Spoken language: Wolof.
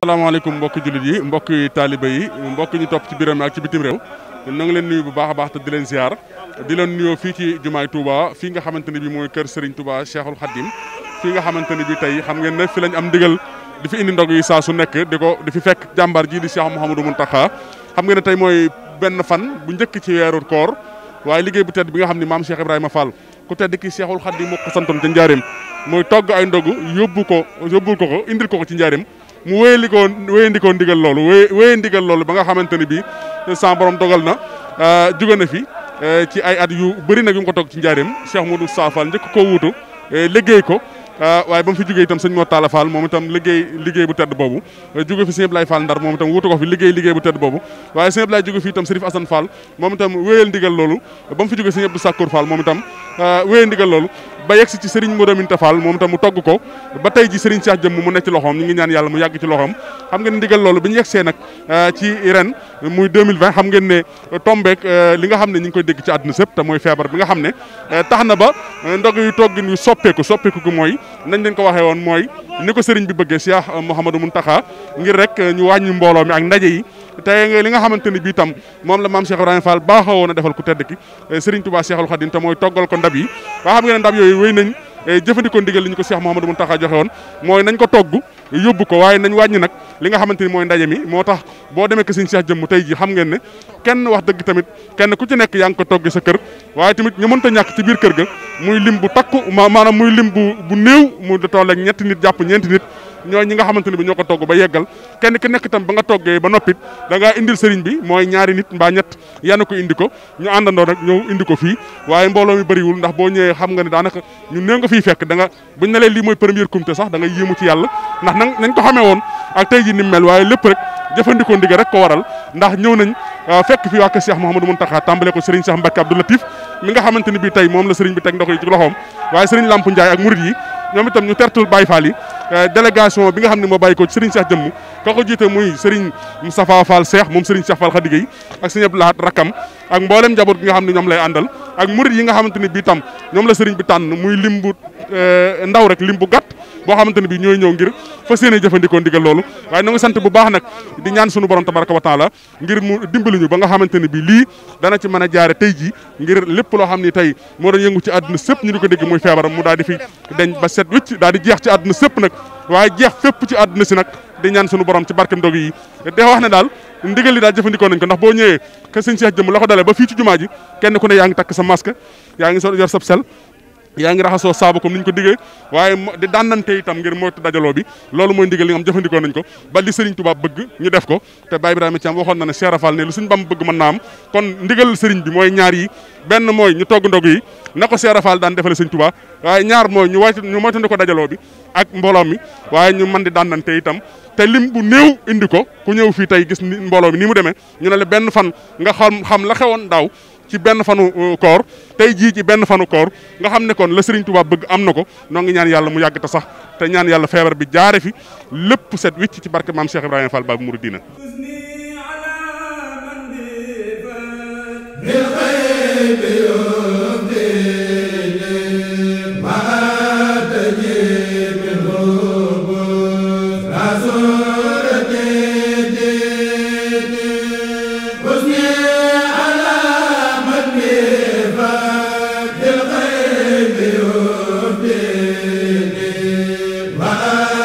asalaamaaleykum mbokki jullit yi mbokki taaliba yi mbokki ñu topp ci biiram ak ci bitim réew na ngi leen nuyu bu baax a baax te di leen ziar di leen nuyoo fii ci jumaay Touba fii nga xamante ne bi mooy kër Serigne Touba Cheikhul Khadim fii nga xamante ne bi tey xam ngeen ne fi lañ am ndigal di fi indi ndog yi saa su nekk di ko di fi fekk jàmbaar ji di Cheikh Mouhamadou Mountakha xam ngeen ne tey mooy benn fan bu njëkk ci weeru koor waaye liggéey bu tedd bi nga xam ne maam Cheikh Ibrahima Fall ku tedd ki Cheikhul Khadim moo santoon ca njaareem mooy togg ay yóbbu ko yóbbul ko ko indil ko ko ci njaareem mu wéyandikoo wéyandikoo ndigal loolu wéy wéye ndigal loolu ba nga xamante ne bii sa borom dogal na euh, jóge na fi euh, ci ay at yu bëri nag yu mu ko toog ci njaareem Cheikh Modou Safal njëkk ko wuutu euh, liggéey ko waaye ba mu fi jógee itam sëñ Mor Talla Fall moom itam liggéey liggéey bu tedd boobu jóge fi sëñ Ablaye Fall Ndar moom itam wuutu ko fi liggéey liggéey bu tedd boobu waaye sëñ Ablaye jóge fi itam Serif Assane Fall moom itam wéyal ndigal loolu ba mu fi jógee sëñ moom itam Euh, wéye ndigal loolu ba yegsi ci Serigne Modou Aminta Fall moom tam mu togg ko ba tey ji Serigne Cheikh Jëmm mu nekk ci loxoom ñu ngi ñaan yàlla mu yàgg ci loxoom xam ngeen ndigal loolu bi ñu yegsee nag euh, ci ren muy 2020 xam ngeen ne tombeek euh, li nga xam ne ñu ngi koy dégg ci àdduna sëpp te mooy feebar bi nga xam ne tax na ba ndog yu toggin yu soppeeku soppeeku gi mooy nañ leen ko waxee woon mooy ni ko sëriñ bi bëggee Cheikh Mouhamadou Mountakha ngir rek ñu wàññi mbooloo mi ak ndaje yi tey li nga xamante ni bii tam moom la maam Cheikh Ibrahima Fall baaxoo a defal ku tedd ki eh, sëriñ Touba Cheikhul Khadim te mooy toggal ko ndab yi waa xam ngeen ne ndab yooyu wéy nañ eh, jëfandikoo ndigal li ñu ko Cheikh Mouhamadou Mountakha joxe woon mooy nañ ko togg yóbbu ko waaye nañ wàññi nag li nga xamante ni mooy ndaje mi moo tax boo demee ko sëñ Cheikh jëmm tey ji xam ngeen ne kenn wax dëgg tamit kenn ku ci nekk yaa ngi ko togg sa kër waaye tamit ñu mënta ñàkk ci biir kër ga muy lim bu takku maanaam muy lim bu bu néew mu toll ak ñetti nit jàpp ñeenti nit ñooy ñi nga xamante ne bi ñoo ko togg ba yeggal kenn ki nekk tam ba nga toggee ba noppit dangaa ngaa indil sëriñ bi mooy ñaari nit mbaa ñett yana ko indi ko ñu àndandoo nag ñëw indi ko fii waaye mbooloo mi bëriwul ndax boo ñëwee xam nga ne daanaka ñu néew nga fiy fekk da nga buñ ne lee lii mooy première comité sax da ci yàlla ndax na nañ ko xamee woon ak tey ji ni mel waaye lépp rek jëfandikoo ndigal rek ko waral ndax ñëw nañ euh, fekk fi waa kër Cheikh Mouhamadou Mountakha tàmbale ko Serigne Cheikh Mbacke Abdou Latif mi nga xamante ni bii tey moom la Serigne bi teg ndox yi ci loxoom waaye Serigne Lamp Ndiaye ak murid yi ñoom itam ñu tertul euh, bi nga xam ne moo bàyyi ko ci Serigne Cheikh jëmm ka ko jiite muy Serigne Moustapha Fall Cheikh moom Serigne Cheikh Fall Khadiga yi ak Serigne ak mboolem njaboot gi nga xam ne ñoom lay àndal ak murid yi nga xamante ni bii tam ñoom la Serigne bi tànn muy lim bu euh, ndaw rek lim bu gàtt boo xamante ne bi ñooy ñëw ngir fas yéene jëfandikoo ndigal loolu waaye na nga sant bu baax nag di ñaan sunu borom tabaraka wa taala ngir mu dimbali ñu ba nga xamante ne bi lii dana ci mën a jaare tey ji ngir lépp loo xam ni tey moo doon yëngu ci àdduna sëpp ñu di ko dégg muy feebaram mu daal di fi dañ ba set wicc daal di jeex ci àdduna sëpp nag waaye jeex fépp ci àdduna si nag di ñaan sunu borom ci barkem dog yi de wax ne daal ndigal li daal jëfandikoo nañ ko ndax boo ñëwee ka sëñ Cheikh jëm la ko dalee kenn ku ne yaa ngi takk sa masque ngi so yor yaa ngi raxasoo saabu ko ni ko diggee waaye di dànnante itam ngir moytu dajaloo bi loolu mooy ndigal li nga xam jëfandikoo nañ ko ba li Serigne Touba bëgg ñu def ko te Baye Ibrahima Thiam waxoon na ne Cheikh Rafal ne lu suñ bam bëgg mën naa am kon ndigal Serigne bi mooy ñaar yi benn mooy ñu togg ndog yi nako ko Rafal daan defale sëñ Touba waaye ñaar mooy ñu waytu ñu moytandi ko dajaloo bi ak mbooloo mi waaye ñu mën di dànnante itam te lim bu néew indi ko ku ñëw fii tey gis mbooloo mi ni mu demee ñu ne benn fan nga xam xam la xewoon daaw ci benn fanu euh, koor tey jii ci benn fanu koor nga xam ne kon la Serigne Touba bëgg am na ko noo ngi ñaan yàlla mu yàgg te sax te ñaan yàlla feebar bi jaare fi lépp set wicc ci barke maam Cheikh Ibrahima Fall Babu Mouridina bi Muhammad